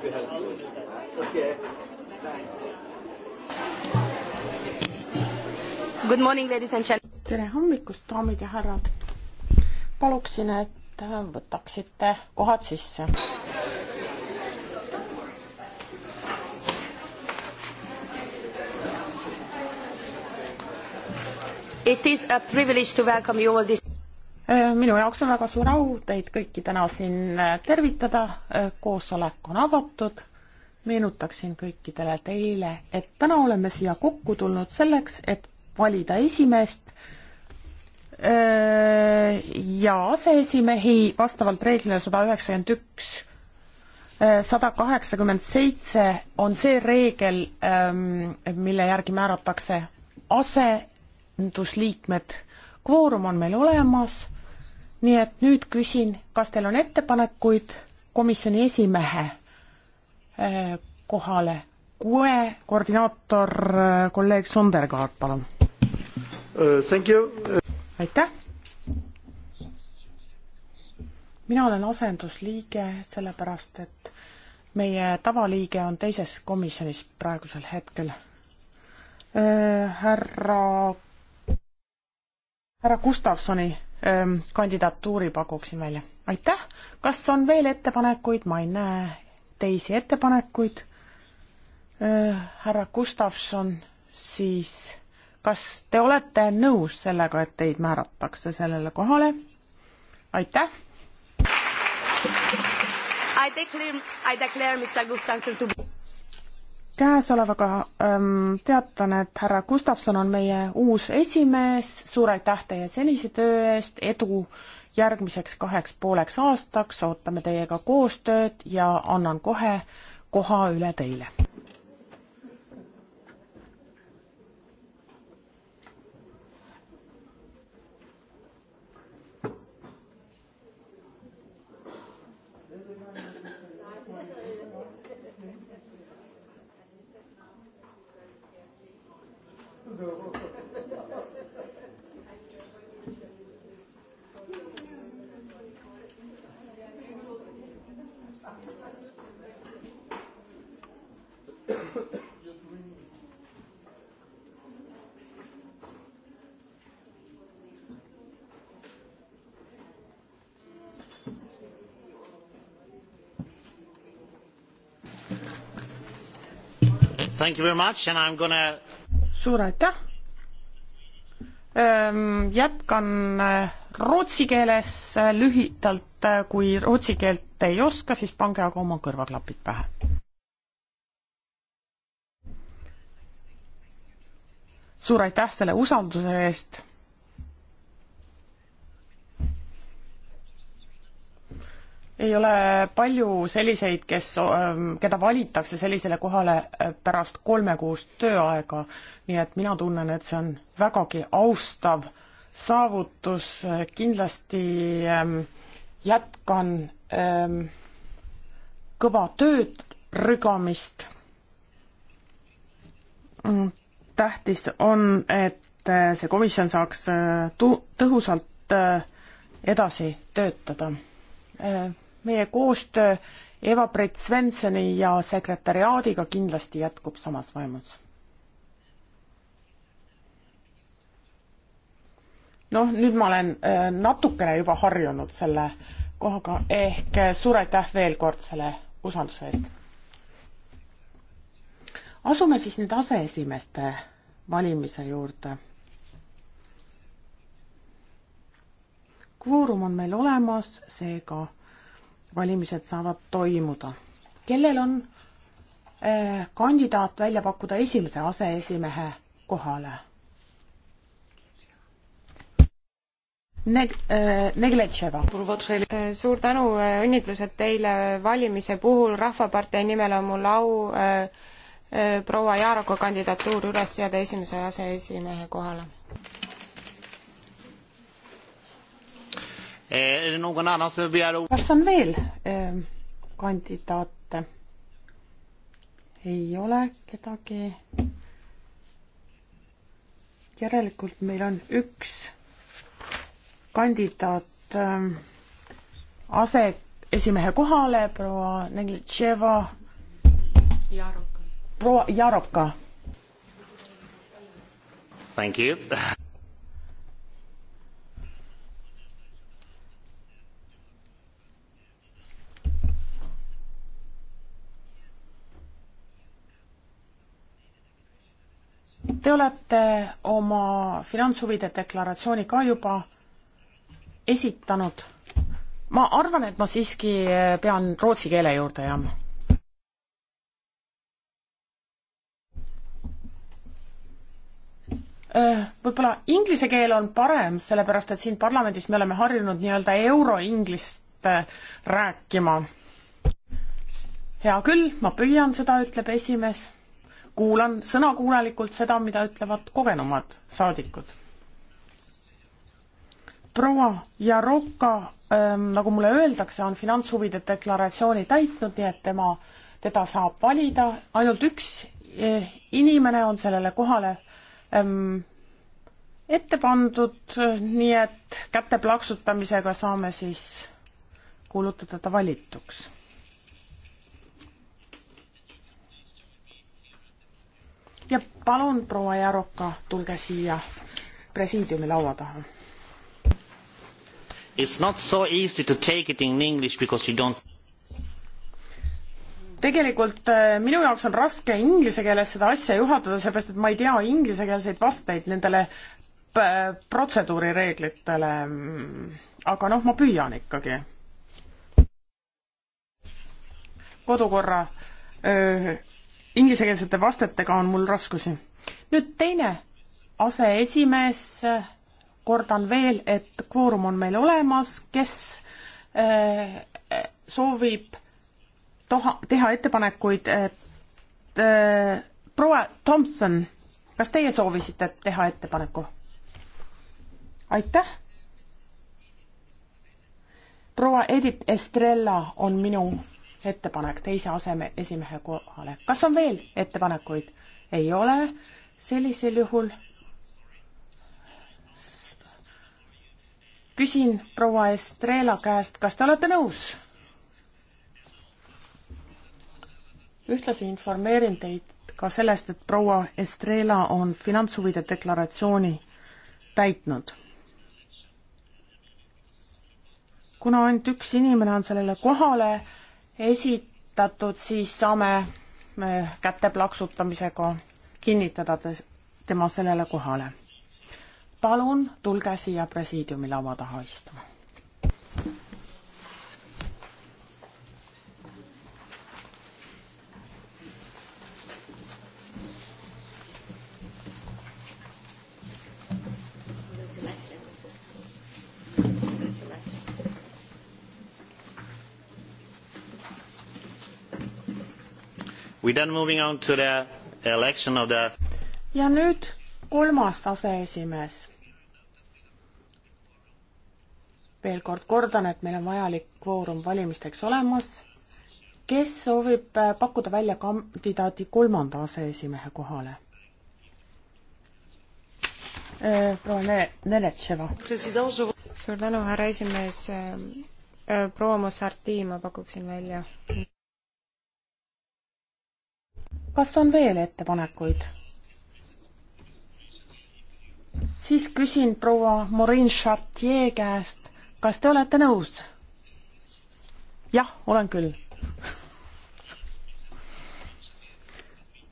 glad to help you. Okay. Thanks. Good morning, ladies and gentlemen. tere hommikust, daamid ja härrad. paluksin, et äh, võtaksite kohad sisse. It is a privilege to welcome you all this Äh, minu jaoks on väga suur au teid kõiki täna siin äh, tervitada, äh, koosolek on avatud. meenutaksin kõikidele teile, et täna oleme siia kokku tulnud selleks, et valida esimeest ja aseesimehi vastavalt reeglile sada üheksakümmend üks, sada kaheksakümmend seitse on see reegel, ähm, mille järgi määratakse asendusliikmed. kvoorum on meil olemas nii et nüüd küsin, kas teil on ettepanekuid komisjoni esimehe äh, kohale? kuue koordinaator, äh, kolleeg Sondergaard, palun uh,. Thank you uh.... aitäh. mina olen asendusliige, sellepärast et meie tavaliige on teises komisjonis praegusel hetkel uh,. härra, härra Gustavsoni kandidatuuri pakuksin välja. aitäh, kas on veel ettepanekuid, ma ei näe teisi ettepanekuid. härra Gustavson, siis kas te olete nõus sellega, et teid määratakse sellele kohale? aitäh. I declare, I declare Mr Gustavson to be käesolevaga ähm, teatan, et härra Gustavson on meie uus esimees, suur aitäh teie senise töö eest, edu järgmiseks kaheks pooleks aastaks, ootame teiega koostööd ja annan kohe koha üle teile. Gonna... suur aitäh! Ehm, jätkan eh, rootsi keeles eh, lühidalt, eh, kui rootsi keelt ei oska, siis pange aga oma kõrvaklapid pähe. suur aitäh selle usalduse eest ei ole palju selliseid, kes, ähm, keda valitakse sellisele kohale äh, pärast kolmekuust tööaega, nii et mina tunnen, et see on vägagi austav saavutus, äh, kindlasti ähm, jätkan ähm, kõva tööd rügamist. Mm, tähtis on, et äh, see komisjon saaks tu-, tõhusalt edasi töötada meie koostöö Eva-Brett Svensoni ja sekretäriaadiga kindlasti jätkub samas vaimus. noh, nüüd ma olen äh, natukene juba harjunud selle kohaga, ehk äh, suur aitäh veel kord selle usalduse eest. asume siis nüüd aseesimeeste valimise juurde. kvoorum on meil olemas, seega valimised saavad toimuda. kellel on eh, kandidaat välja pakkuda esimese aseesimehe kohale? Neg-, eh, Negletševa. Eh, suur tänu, õnnitlused teile valimise puhul, Rahvapartei nimel on mul au äh, proua Jaaroko kandidatuur üles seada esimese aseesimehe kohale. Eh, kas on veel eh, kandidaate? ei ole kedagi. järelikult meil on üks kandidaat eh, aseesimehe kohale, proua Neglitševa. proua Jaroka. Thank you Te olete oma finantshuvide deklaratsiooni ka juba esitanud. ma arvan, et ma siiski pean rootsi keele juurde jääma. Võib-olla inglise keel on parem, sellepärast et siin parlamendis me oleme harjunud nii-öelda euroinglist äh, rääkima. hea küll, ma püüan seda, ütleb esimees kuulan sõnakuulelikult seda, mida ütlevad kogenumad saadikud. proua Jaroka ähm,, nagu mulle öeldakse, on finantshuvide deklaratsiooni täitnud, nii et tema, teda saab valida, ainult üks äh, inimene on sellele kohale ähm, ette pandud, nii et käte plaksutamisega saame siis kuulutada ta valituks palun, proua Jaroka, tulge siia presiidiumi laua taha. It's not so easy to take it in english because you don't tegelikult äh, minu jaoks on raske inglise keeles seda asja juhatada, sellepärast et ma ei tea inglisekeelseid vasteid nendele äh, protseduurireeglitele. aga noh, ma püüan ikkagi. kodukorra öö, inglisekeelsete vastetega on mul raskusi. nüüd teine aseesimees, kordan veel, et kvoorum on meil olemas, kes äh, soovib toha, teha ettepanekuid, et äh, proua Tomson, kas teie soovisite teha ettepaneku? aitäh. proua Edith Estrella on minu ettepanek teise aseme esimehe kohale. kas on veel ettepanekuid? ei ole. sellisel juhul küsin proua Estrela käest, kas te olete nõus? ühtlasi informeerin teid ka sellest, et proua Estrela on finantshuvide deklaratsiooni täitnud. kuna ainult üks inimene on sellele kohale esitatud, siis saame äh, käte plaksutamisega kinnitada tema sellele kohale. palun tulge siia presiidiumi laua taha istuma. We then moving on to the election of the ja nüüd kolmas aseesimees. veel kord kordan, et meil on vajalik kvoorum valimisteks olemas. kes soovib äh, pakkuda välja kandidaadi kolmanda aseesimehe kohale? Äh, proua ne-, Nenetševa. suur tänu, härra esimees. Äh, proua Mossarti ma pakuksin välja kas on veel ettepanekuid? siis küsin proua Morin Chartier käest, kas te olete nõus? jah, olen küll.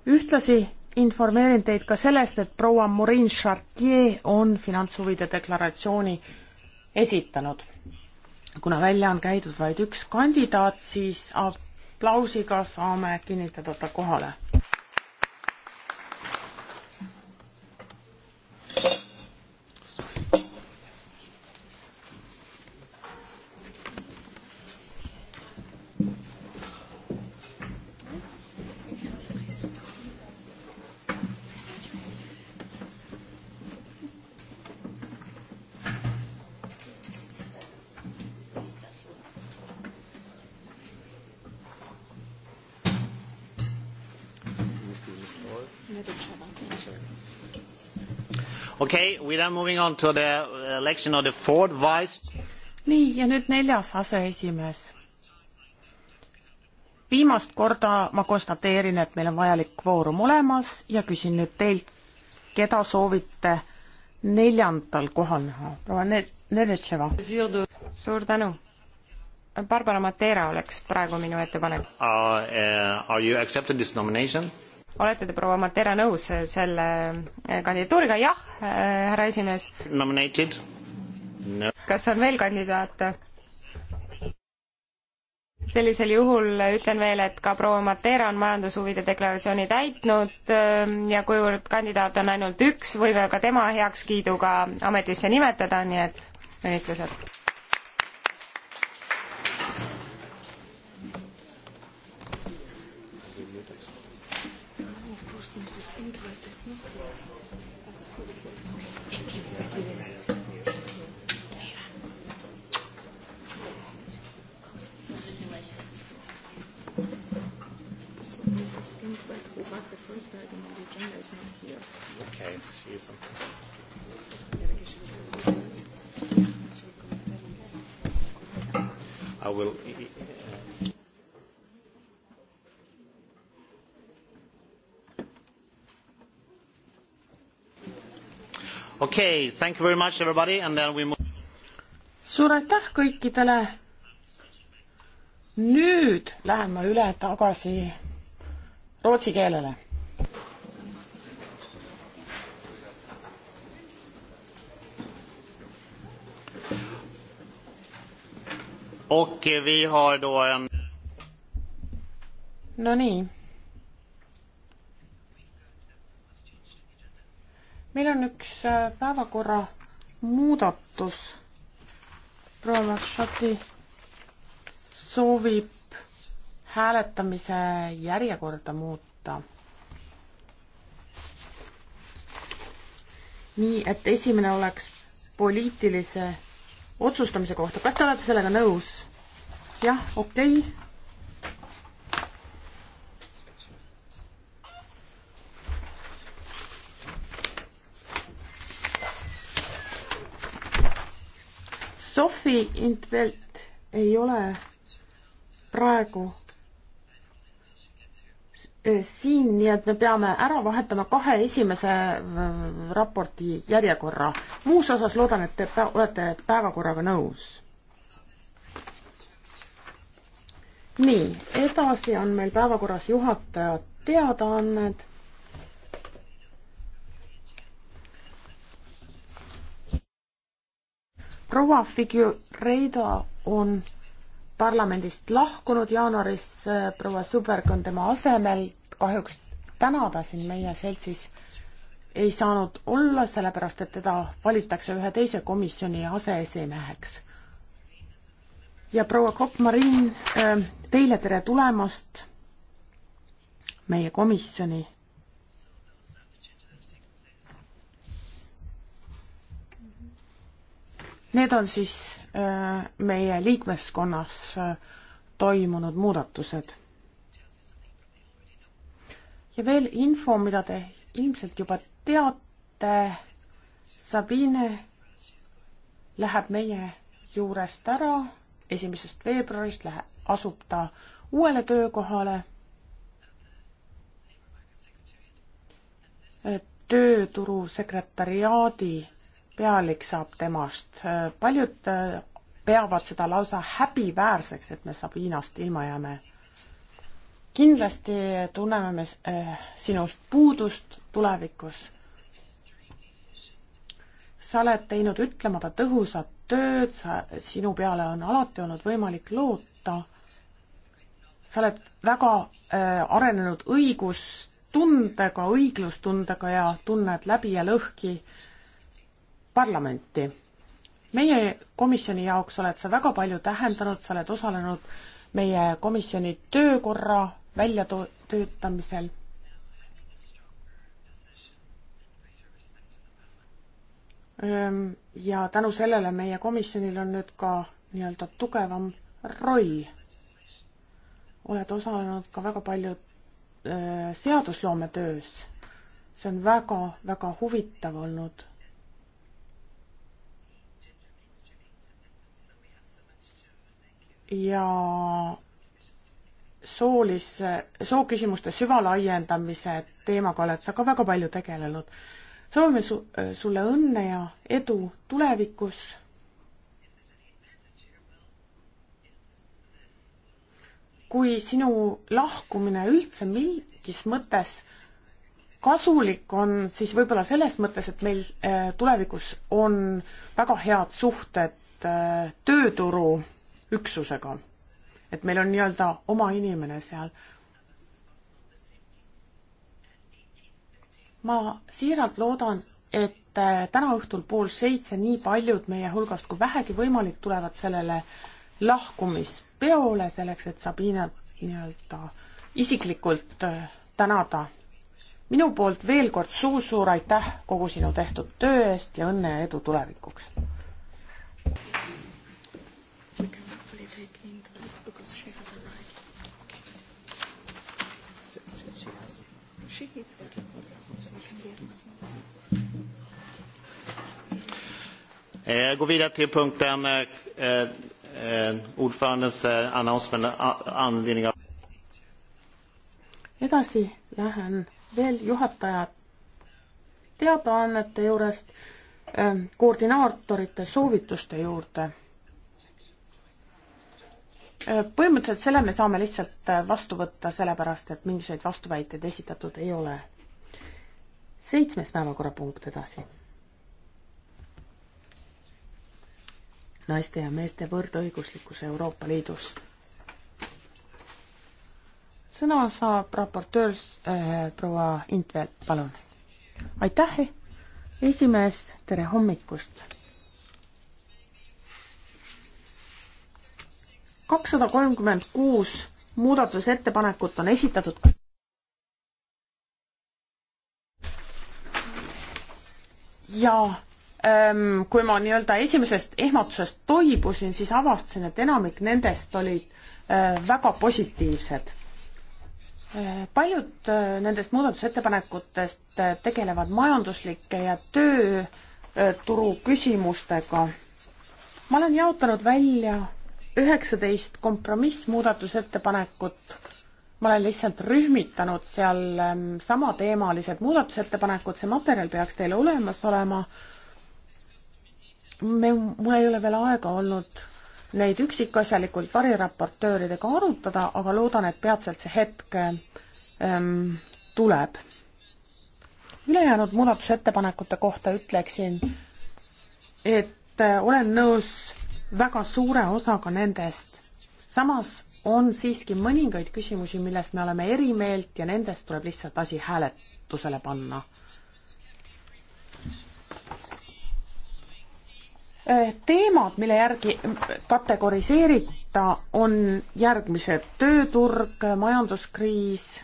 ühtlasi informeerin teid ka sellest, et proua Morin Chartier on finantshuvide deklaratsiooni esitanud. kuna välja on käidud vaid üks kandidaat, siis aplausiga saame kinnitada ta kohale okei okay,, we are moving on to the uh, election of the fourth vice. nii ja nüüd neljas aseesimees. viimast korda ma konstateerin, et meil on vajalik kvoorum olemas ja küsin nüüd teilt, keda soovite neljandal kohal näha? proua Nedetševa. suur tänu. Barbara Matera oleks praegu minu ettepanek. Uh, uh, are you accepting this nomination? olete te, proua Matera, nõus selle eh, kandidatuuriga? jah, eh, härra esimees. No. kas on veel kandidaate? sellisel juhul ütlen veel, et ka proua Matera on majandushuvide deklaratsiooni täitnud eh, ja kuivõrd kandidaat on ainult üks, võime ka tema heakskiiduga ametisse nimetada, nii et õnnitlused. okei okay,, thank you very much everybody and then we move. suur aitäh kõikidele. nüüd lähen ma üle tagasi rootsi keelele Och vi har då en... No niin. meil on üks äh, päevakorra muudatus. proua Maršati soovib hääletamise järjekorda muuta. nii, et esimene oleks poliitilise otsustamise kohta, kas te olete sellega nõus? jah, okei okay Sofi Intvelt ei ole praegu eh, siin, nii et me peame ära vahetama kahe esimese raporti järjekorra. muus osas loodan, et te pä olete päevakorraga nõus. nii, edasi on meil päevakorras juhataja teadaanned proua Figureida on parlamendist lahkunud jaanuaris, proua Suberg on tema asemel, kahjuks täna ta siin meie seltsis ei saanud olla, sellepärast et teda valitakse ühe teise komisjoni aseesimeheks. ja proua Kopp-Marin, teile tere tulemast meie komisjoni Need on siis äh, meie liikmeskonnas äh, toimunud muudatused. ja veel info, mida te ilmselt juba teate. Sabine läheb meie juurest ära, esimesest veebruarist läheb, asub ta uuele töökohale. tööturu sekretariaadi pealik saab temast. paljud äh, peavad seda lausa häbiväärseks, et me Sabinast ilma jääme. kindlasti tunneme me äh, sinust puudust tulevikus. sa oled teinud ütlemata tõhusat tööd, sa, sinu peale on alati olnud võimalik loota. sa oled väga äh, arenenud õigustundega, õiglustundega ja tunned läbi ja lõhki äh, parlamenti. meie komisjoni jaoks oled sa väga palju tähendanud, sa oled osalenud meie komisjoni töökorra väljatöötamisel. ja tänu sellele meie komisjonil on nüüd ka nii-öelda tugevam roll. oled osalenud ka väga palju seadusloometöös. see on väga-väga huvitav olnud ja soolise, sooküsimuste süvalaiendamise teemaga oled sa ka väga palju tegelenud. soovime su-, sulle õnne ja edu tulevikus. kui sinu lahkumine üldse mingis mõttes kasulik on, siis võib-olla selles mõttes, et meil äh, tulevikus on väga head suhted äh, tööturu üksusega. et meil on nii-öelda oma inimene seal. ma siiralt loodan, et äh, täna õhtul pool seitse nii paljud meie hulgast kui vähegi võimalik tulevad sellele lahkumispeole, selleks et Sabinat nii-öelda isiklikult äh, tänada. minu poolt veel kord suur-suur aitäh kogu sinu tehtud töö eest ja õnne ja edu tulevikuks! we take into it because she has arrived. Okay. She, she has. She is there. Okay. Jag går vidare till punkten eh, eh, ordförandens eh, announcement eh, anledning av... Edasi lähen veel juhataja teadaannete juurest eh, koordinaatorite soovituste juurde põhimõtteliselt selle me saame lihtsalt vastu võtta, sellepärast et mingisuguseid vastuväiteid esitatud ei ole. seitsmes päevakorrapunkt edasi. naiste ja meeste võrdõiguslikkus Euroopa Liidus. sõna saab raportöör äh, proua Intvel, palun. aitäh, esimees, tere hommikust kakssada kolmkümmend kuus muudatusettepanekut on esitatud. ja ähm, kui ma nii-öelda esimesest ehmatusest toibusin, siis avastasin, et enamik nendest olid äh, väga positiivsed äh, paljud äh, nendest muudatusettepanekutest äh, tegelevad majanduslike ja tööturu küsimustega. ma olen jaotanud välja üheksateist kompromissmuudatusettepanekut, ma olen lihtsalt rühmitanud seal ähm, samateemalised muudatusettepanekud, see materjal peaks teil olemas olema. me, mul ei ole veel aega olnud neid üksikasjalikult variraportööridega arutada, aga loodan, et peatselt see hetk ähm, tuleb. ülejäänud muudatusettepanekute kohta ütleksin, et äh, olen nõus väga suure osaga nendest. samas on siiski mõningaid küsimusi, milles me oleme eri meelt ja nendest tuleb lihtsalt asi hääletusele panna. Äh, teemad, mille järgi kategoriseerida, on järgmised tööturg, majanduskriis,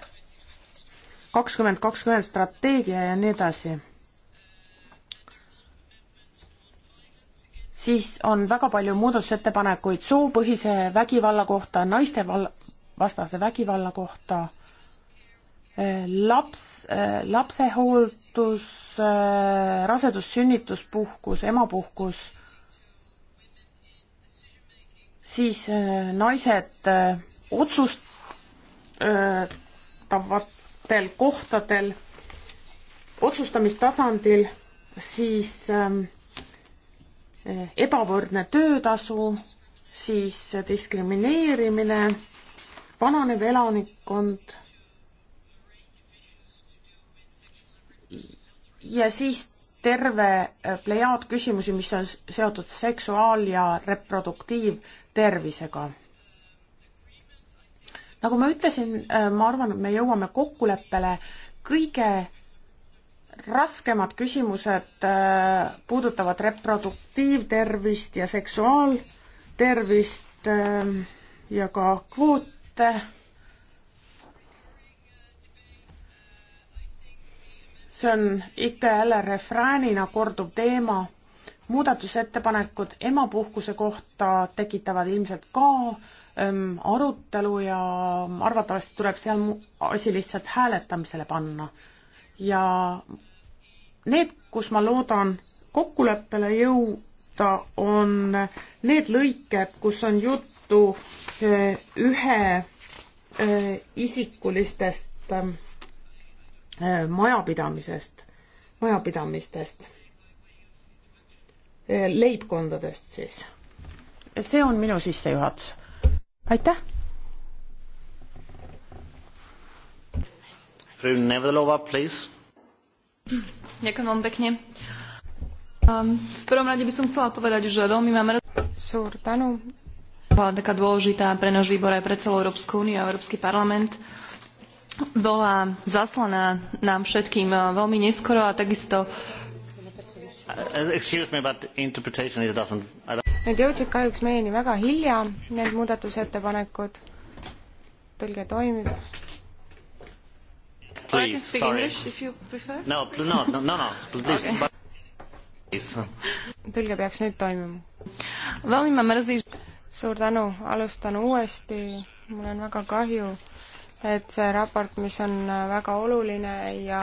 kakskümmend kakskümmend strateegia ja nii edasi siis on väga palju muudatusettepanekuid soopõhise vägivalla kohta, naiste val-, vastase vägivalla kohta, eh, laps, eh, lapsehooldus, eh, rasedus, sünnituspuhkus, emapuhkus, siis naised otsustavatel kohtadel, otsustamistasandil, siis äh, ebavõrdne töötasu, siis diskrimineerimine, vananev elanikkond ja siis terve plejaad küsimusi, mis on seotud seksuaal- ja reproduktiivtervisega. nagu ma ütlesin, ma arvan, et me jõuame kokkuleppele kõige raskemad küsimused äh, puudutavad reproduktiivtervist ja seksuaaltervist äh, ja ka kvoote. see on ikka jälle refräänina korduv teema. muudatusettepanekud emapuhkuse kohta tekitavad ilmselt ka ähm, arutelu ja arvatavasti tuleb seal asi lihtsalt hääletamisele panna. ja need, kus ma loodan kokkuleppele jõuda, on need lõiked, kus on juttu eh, ühe eh, isikulistest eh, majapidamisest, majapidamistest, leibkondadest siis. see on minu sissejuhatus. aitäh! Fru Nevelova, please. Ďakujem vám pekne. Ehm, v prvom rade by som chcela povedať, že veľmi mám rád... Suur tänu. Bola taká dôležitá pre náš výbor aj pre celú Európsku úniu a Európsky parlament. Bola zaslaná nám všetkým eh, veľmi neskoro a takisto... Excuse me, but interpretation is doesn't... Need jõudsid kahjuks meieni väga hilja, need muudatusettepanekud. tõlge toimib please. I can speak sorry. English if you prefer. no, no, no, no, no, please. Okay. Please. tõlge peaks nüüd toimima. suur tänu, alustan uuesti. mul on väga kahju, et see raport, mis on väga oluline ja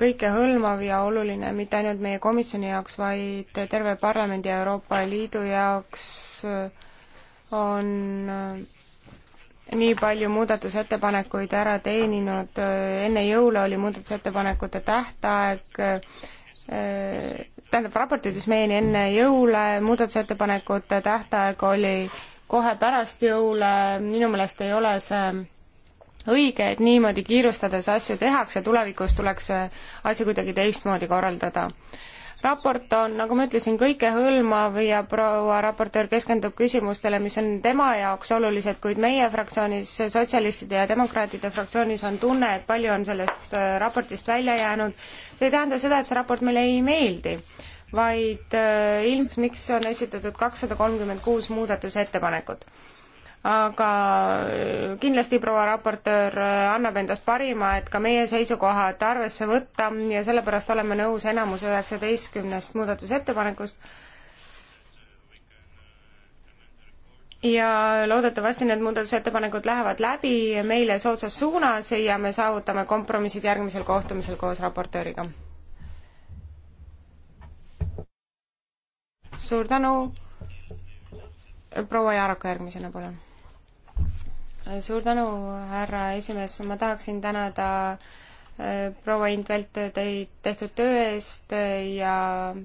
kõikehõlmav ja oluline mitte ainult meie komisjoni jaoks, vaid terve parlamendi ja Euroopa Liidu jaoks on nii palju muudatusettepanekuid ära teeninud, enne jõule oli muudatusettepanekute tähtaeg, tähendab, raport jõudis meieni enne jõule, muudatusettepanekute tähtaeg oli kohe pärast jõule, minu meelest ei ole see õige, et niimoodi kiirustades asju tehakse, tulevikus tuleks asju kuidagi teistmoodi korraldada raport on, nagu ma ütlesin, kõikehõlmav ja proua raportöör keskendub küsimustele, mis on tema jaoks olulised, kuid meie fraktsioonis, sotsialistide ja demokraatide fraktsioonis on tunne, et palju on sellest äh, raportist välja jäänud. see ei tähenda seda, et see raport meile ei meeldi, vaid äh, ilmselt miks on esitatud kakssada kolmkümmend kuus muudatusettepanekut aga kindlasti proua raportöör annab endast parima, et ka meie seisukohad arvesse võtta ja sellepärast oleme nõus enamus üheksateistkümnest muudatusettepanekust. ja loodetavasti need muudatusettepanekud lähevad läbi meile soodsas suunas ja me saavutame kompromissid järgmisel kohtumisel koos raportööriga. suur tänu proua Jaaraka järgmisena, palun suur tänu, härra esimees, ma tahaksin tänada äh, proua Intvelt teid tehtud töö eest äh, ja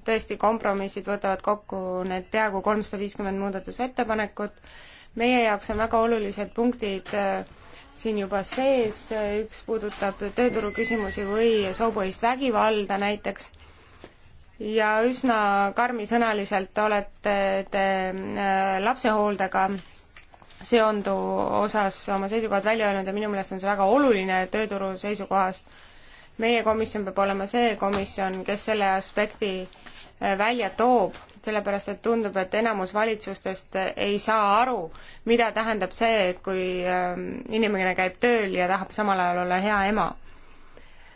tõesti, kompromissid võtavad kokku need peaaegu kolmsada viiskümmend muudatusettepanekut. meie jaoks on väga olulised punktid äh, siin juba sees, üks puudutab tööturu küsimusi või soopõhist vägivalda näiteks ja üsna karmisõnaliselt olete te lapsehooldega seondu osas oma seisukohad välja öelnud ja minu meelest on see väga oluline tööturu seisukohast. meie komisjon peab olema see komisjon, kes selle aspekti äh, välja toob, sellepärast et tundub, et enamus valitsustest äh, ei saa aru, mida tähendab see, et kui ähm, inimene käib tööl ja tahab samal ajal olla hea ema.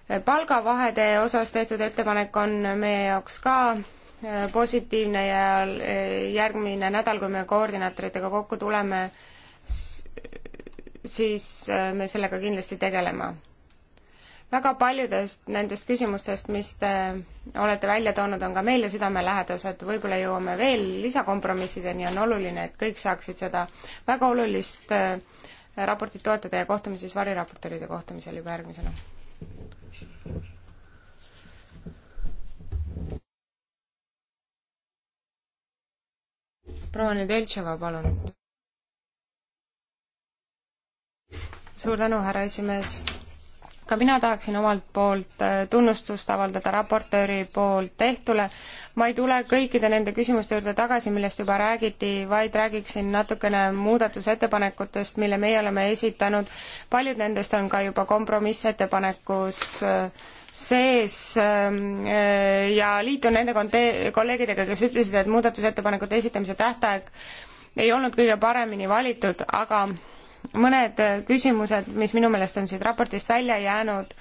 Äh, palgavahede osas tehtud ettepanek on meie jaoks ka positiivne ja järgmine nädal, kui me koordinaatoritega kokku tuleme, siis äh, me sellega kindlasti tegeleme. väga paljudest nendest küsimustest, mis te olete välja toonud, on ka meile südamelähedased, võib-olla jõuame veel lisakompromissideni, on oluline, et kõik saaksid seda väga olulist äh, raportit toetada ja kohtume siis variraportööride kohtumisel juba järgmisena. proua Nedeltšova, palun suur tänu, härra esimees. ka mina tahaksin omalt poolt äh, tunnustust avaldada raportööri poolt tehtule. ma ei tule kõikide nende küsimuste juurde tagasi, millest juba räägiti, vaid räägiksin natukene muudatusettepanekutest, mille meie oleme esitanud. paljud nendest on ka juba kompromissettepanekus äh, sees ähm, äh, ja liitun nende kolleegidega, kes ütlesid, et muudatusettepanekute esitamise tähtaeg ei olnud kõige paremini valitud, aga mõned küsimused, mis minu meelest on siit raportist välja jäänud,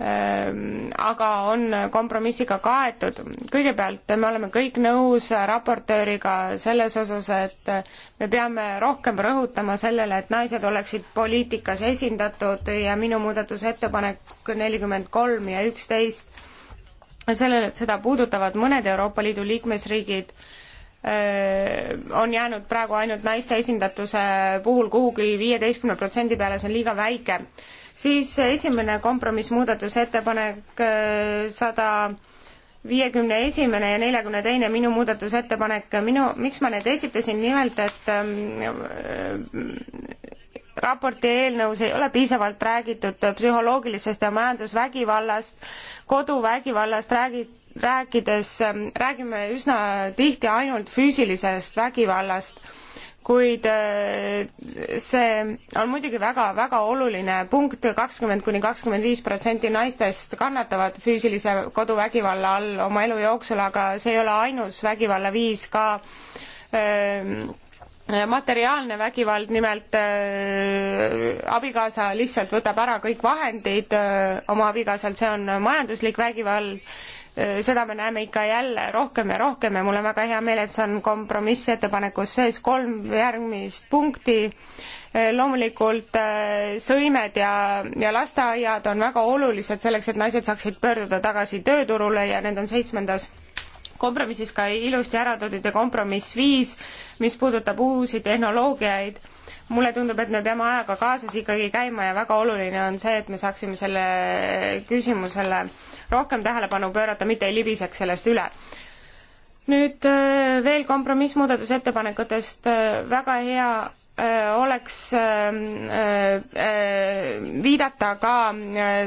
ähm, aga on kompromissiga kaetud. kõigepealt me oleme kõik nõus raportööriga selles osas, et me peame rohkem rõhutama sellele, et naised oleksid poliitikas esindatud ja minu muudatusettepanek nelikümmend kolm ja üksteist sellele, et seda puudutavad mõned Euroopa Liidu liikmesriigid äh, Äh, on jäänud praegu ainult naiste esindatuse puhul kuhugi viieteistkümne protsendi peale, see on liiga väike. siis esimene kompromissmuudatusettepanek äh, sada viiekümne esimene ja neljakümne teine minu muudatusettepanek, minu, miks ma need esitasin, nimelt et ähm, raporti eelnõus ei ole piisavalt räägitud psühholoogilisest ja majandusvägivallast, koduvägivallast räägi-, rääkides ähm, räägime üsna tihti ainult füüsilisest vägivallast, kuid äh, see on muidugi väga, väga oluline punkt, kakskümmend kuni kakskümmend viis protsenti naistest kannatavad füüsilise koduvägivalla all oma elu jooksul, aga see ei ole ainus vägivallaviis ka öö, ähm, materiaalne vägivald, nimelt äh, abikaasa lihtsalt võtab ära kõik vahendid äh, oma abikaasalt, see on majanduslik vägivald äh,, seda me näeme ikka jälle rohkem ja rohkem ja mul on väga hea meel, et see on kompromissettepanekus sees, kolm järgmist punkti äh,, loomulikult äh, sõimed ja, ja lasteaiad on väga olulised selleks, et naised saaksid pöörduda tagasi tööturule ja need on seitsmendas kompromissis ka ilusti ära toodud ja kompromiss viis, mis puudutab uusi tehnoloogiaid. mulle tundub, et me peame ajaga kaasas ikkagi käima ja väga oluline on see, et me saaksime selle küsimusele rohkem tähelepanu pöörata, mitte ei libiseks sellest üle nüüd äh, veel kompromissmuudatusettepanekutest, äh, väga hea Äh, oleks ähm, äh, äh, viidata ka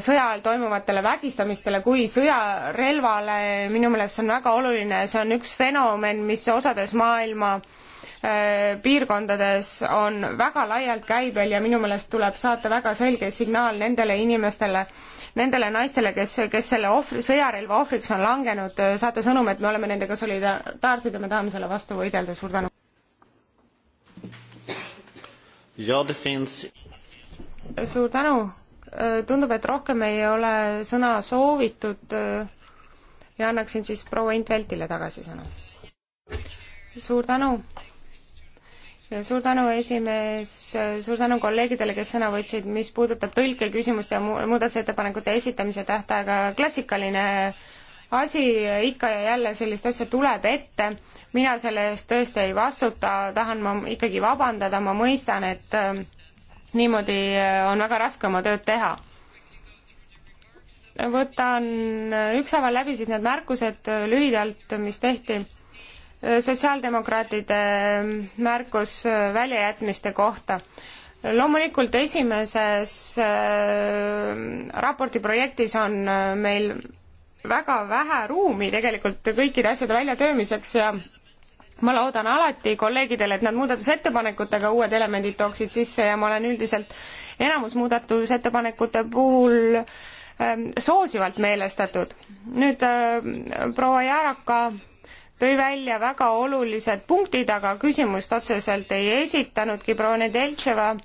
sõja ajal toimuvatele vägistamistele kui sõjarelvale, minu meelest see on väga oluline, see on üks fenomen, mis osades maailma piirkondades on väga laialt käibel ja minu meelest tuleb saata väga selge signaal nendele inimestele, nendele naistele, kes, kes selle ohvri, sõjarelva ohvriks on langenud, saata sõnum, et me oleme nendega solidaarsed ja me tahame selle vastu võidelda, suur tänu! ja det finns suur tänu! Äh, tundub, et rohkem ei ole sõna soovitud äh, ja annaksin siis proua Intveltile tagasi sõna. suur tänu! ja suur tänu, esimees, suur tänu kolleegidele, kes sõna võtsid, mis puudutab tõlkeküsimust ja muudatusettepanekute esitamise tähtaega, klassikaline asi ikka ja jälle sellist asja tuleb ette, mina selle eest tõesti ei vastuta, tahan ma ikkagi vabandada, ma mõistan, et ähm, niimoodi äh, on väga raske oma tööd teha. võtan äh, ükshaaval läbi siis need märkused äh, lühidalt, mis tehti. sotsiaaldemokraatide ähm, märkus väljajätmiste kohta loomulikult esimeses raporti projektis on meil väga vähe ruumi tegelikult kõikide asjade väljatöömiseks ja ma loodan alati kolleegidele, et nad muudatusettepanekutega uued elemendid tooksid sisse ja ma olen üldiselt enamus muudatusettepanekute puhul ähm, soosivalt meelestatud. nüüd äh, proua Järaka tõi välja väga olulised punktid, aga küsimust otseselt ei esitanudki proua Nedeltševa äh,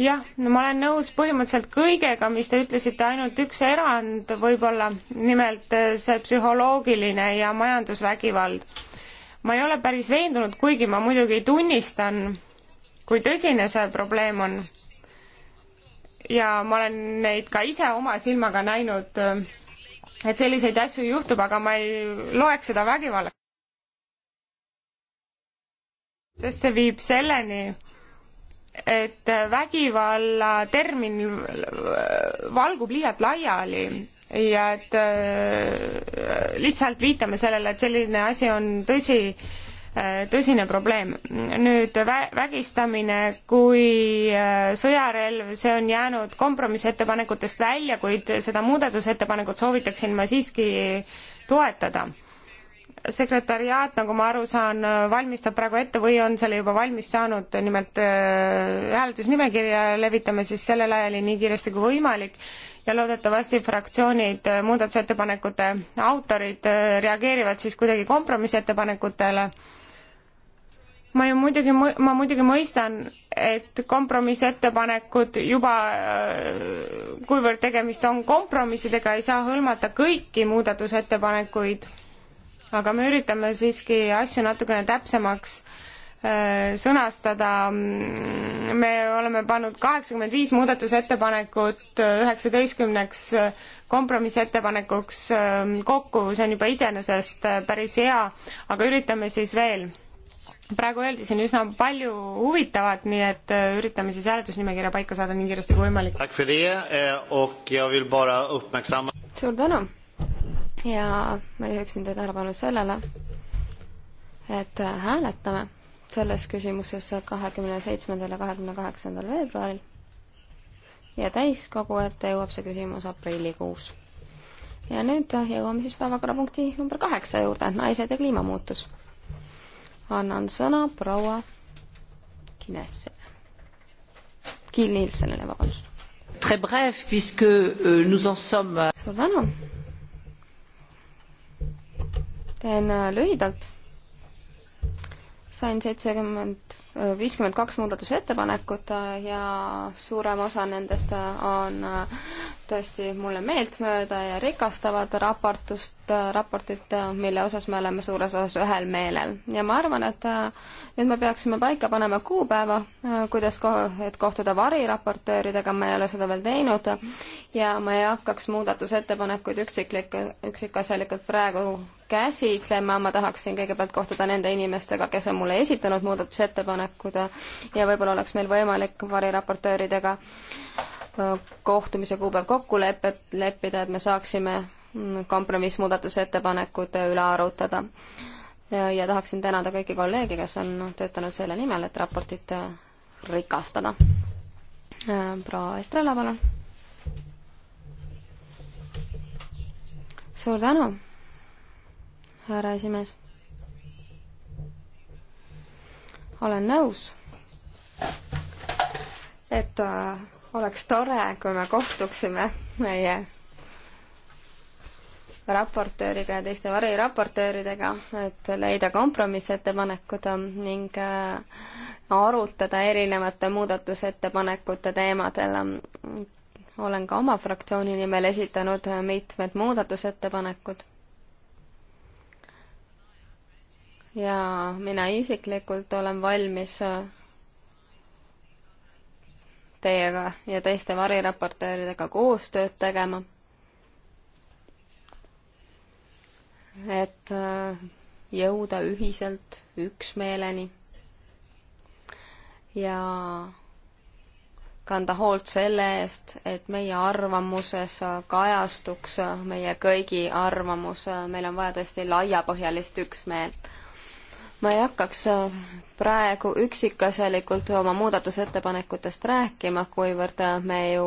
jah, no ma olen nõus põhimõtteliselt kõigega, mis te ütlesite, ainult üks erand võib-olla, nimelt äh, see psühholoogiline ja majandusvägivald. ma ei ole päris veendunud, kuigi ma muidugi tunnistan, kui tõsine see probleem on. ja ma olen neid ka ise oma silmaga näinud, äh, et selliseid asju juhtub, aga ma ei loeks seda vägivallaks. sest see viib selleni, et vägivalla termin valgub liialt laiali ja et äh, lihtsalt viitame sellele, et selline asi on tõsi, äh, tõsine probleem. nüüd vä-, vägistamine kui äh, sõjarelv, see on jäänud kompromissettepanekutest välja, kuid seda muudatusettepanekut soovitaksin ma siiski toetada sekretariaat, nagu ma aru saan, valmistab praegu ette või on selle juba valmis saanud, nimelt äh, hääletusnimekirja levitame siis selle laiali nii kiiresti kui võimalik ja loodetavasti fraktsioonid, äh, muudatusettepanekute autorid äh, reageerivad siis kuidagi kompromissettepanekutele. ma ju muidugi, ma muidugi mõistan, et kompromissettepanekud juba, kuivõrd tegemist on kompromissidega, ei saa hõlmata kõiki muudatusettepanekuid aga me üritame siiski asju natukene täpsemaks äh, sõnastada. me oleme pannud kaheksakümmend viis muudatusettepanekut äh, üheksateistkümneks äh, kompromissettepanekuks kokku, see on juba iseenesest päris hea, aga üritame siis veel. praegu öeldi siin üsna palju huvitavat, nii et üritame siis hääletusnimekirja paika saada nii kiiresti kui võimalik. Eh, suur tänu ja ma juhiksin teie tähelepanu sellele, et hääletame selles küsimuses kahekümne seitsmendal ja kahekümne kaheksandal veebruaril ja täiskogu ette jõuab see küsimus aprillikuus. ja nüüd jõuame siis päevakorrapunkti number kaheksa juurde, naised ja kliimamuutus. annan sõna proua Kinesse. Kiil Nielsenile, vabandust. Très bref, puisque euh, nous en sommes suur tänu teen äh, lühidalt. sain seitsekümmend, äh, viiskümmend kaks muudatusettepanekut äh, ja suurem osa nendest on tõesti mulle meeltmööda ja rikastavad raportust, raportit, mille osas me oleme suures osas ühel meelel. ja ma arvan, et nüüd me peaksime paika panema kuupäeva, kuidas ko-, et kohtuda variraportööridega, ma ei ole seda veel teinud, ja ma ei hakkaks muudatusettepanekuid üksiklik, üksikasjalikult praegu käsitlema, ma tahaksin kõigepealt kohtuda nende inimestega, kes on mulle esitanud muudatusettepanekud ja võib-olla oleks meil võimalik variraportööridega kohtumise kuupäev kokku lepet-, leppida, et me saaksime mm, kompromissmuudatusettepanekud üle arutada. ja tahaksin tänada kõiki kolleege, kes on töötanud selle nimel, et raportit rikastada. proua Estrela, palun. suur tänu härra esimees. olen nõus, et äh, oleks tore, kui me kohtuksime meie raportööriga ja teiste variraportööridega, et leida kompromissettepanekud äh, ning äh, arutada erinevate muudatusettepanekute teemadel. olen ka oma fraktsiooni nimel esitanud mitmed muudatusettepanekud. ja mina isiklikult olen valmis äh, teiega ja teiste variraportööridega koostööd tegema. et äh, jõuda ühiselt üksmeeleni ja kanda hoolt selle eest, et meie arvamuses kajastuks meie kõigi arvamus, meil on vaja tõesti laiapõhjalist üksmeelt ma ei hakkaks äh, praegu üksikasjalikult oma muudatusettepanekutest rääkima, kuivõrd äh, me ju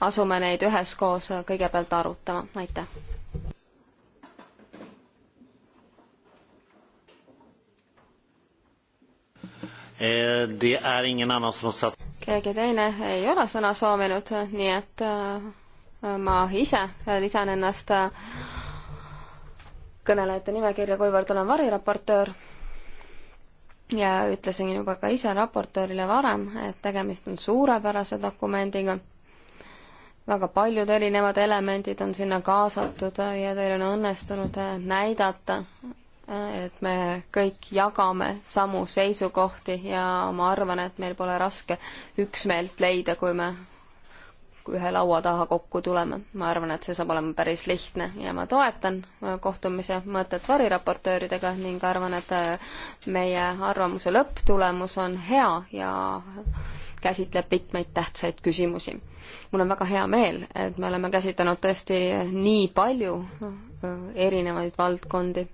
asume neid üheskoos äh, kõigepealt arutama, aitäh. Eh, keegi teine ei ole sõna soovinud, nii et ma ise lisan ennast kõnelejate nimekirja, kuivõrd olen variraportöör ja ütlesin juba ka ise raportöörile varem, et tegemist on suurepärase dokumendiga. väga paljud erinevad elemendid on sinna kaasatud ja teil on õnnestunud näidata, et me kõik jagame samu seisukohti ja ma arvan, et meil pole raske üksmeelt leida, kui me kui ühe laua taha kokku tuleme. ma arvan, et see saab olema päris lihtne ja ma toetan äh, kohtumise mõtet variraportööridega ning arvan, et äh, meie arvamuse lõpptulemus on hea ja käsitleb mitmeid tähtsaid küsimusi. mul on väga hea meel, et me oleme käsitlenud tõesti nii palju äh, erinevaid valdkondi,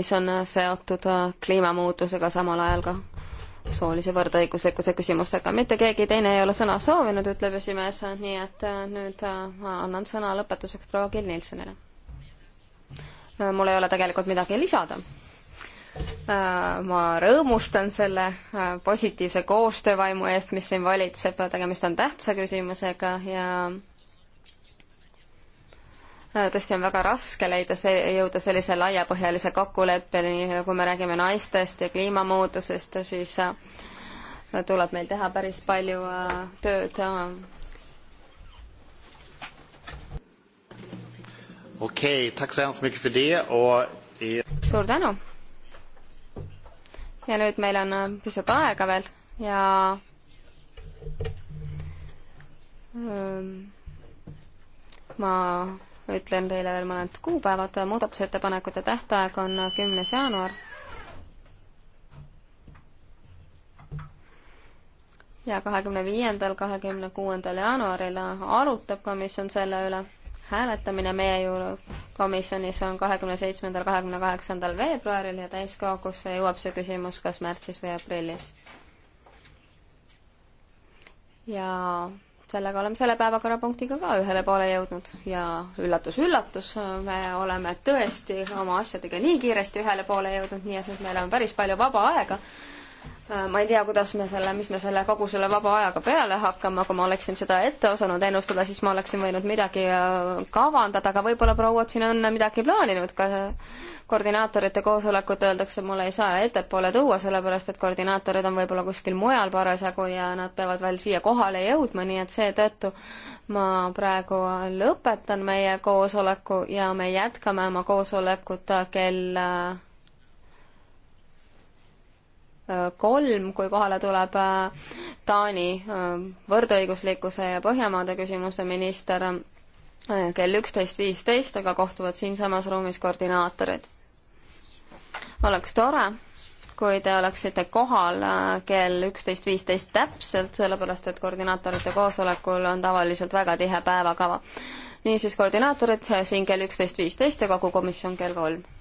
mis on seotud kliimamuutusega samal ajal ka soolise võrdõiguslikkuse küsimustega. mitte keegi teine ei ole sõna soovinud, ütleb esimees, nii et äh, nüüd äh, ma annan sõna lõpetuseks proua Kill Nilssonile. Äh, mul ei ole tegelikult midagi lisada. ma rõõmustan selle positiivse koostöövaimu eest, mis siin valitseb, tegemist on tähtsa küsimusega ja Äh, tõesti on väga raske leida see, jõuda sellise laiapõhjalise kokkuleppeni, kui me räägime naistest ja kliimamuutusest, siis äh, tuleb meil teha päris palju äh, tööd. okei okay,, tack så hemskt mycket för det och... Eh, suur tänu! ja nüüd meil on pisut aega veel ja ähm, ma ütlen teile veel mõned kuupäevad, muudatusettepanekute tähtaeg on kümnes jaanuar. ja kahekümne viiendal, kahekümne kuuendal jaanuaril arutab komisjon selle üle. hääletamine meie ju komisjonis on kahekümne seitsmendal, kahekümne kaheksandal veebruaril ja täiskogusse jõuab see küsimus kas märtsis või aprillis. ja sellega oleme selle päevakorrapunktiga ka ühele poole jõudnud ja üllatus-üllatus, me oleme tõesti oma asjadega nii kiiresti ühele poole jõudnud, nii et nüüd meil on päris palju vaba aega Äh, ma ei tea, kuidas me selle, mis me selle kogu selle vaba ajaga peale hakkame, aga ma oleksin seda ette osanud ennustada, siis ma oleksin võinud midagi äh, kavandada, aga võib-olla prouad siin on midagi plaaninud ka koordinaatorite koosolekut öeldakse, mulle ei saa ettepoole tuua, sellepärast et koordinaatorid on võib-olla kuskil mujal parasjagu ja nad peavad veel siia kohale jõudma, nii et seetõttu ma praegu lõpetan meie koosoleku ja me jätkame oma koosolekut kell äh, kolm, kui kohale tuleb äh, Taani äh, võrdõiguslikkuse ja Põhjamaade küsimuste minister äh, kell üksteist viisteist, aga kohtuvad siinsamas ruumis koordinaatorid. oleks tore, kui te oleksite kohal kell üksteist viisteist täpselt, sellepärast et koordinaatorite koosolekul on tavaliselt väga tihe päevakava. niisiis, koordinaatorid siin kell üksteist viisteist ja kogu komisjon kell kolm.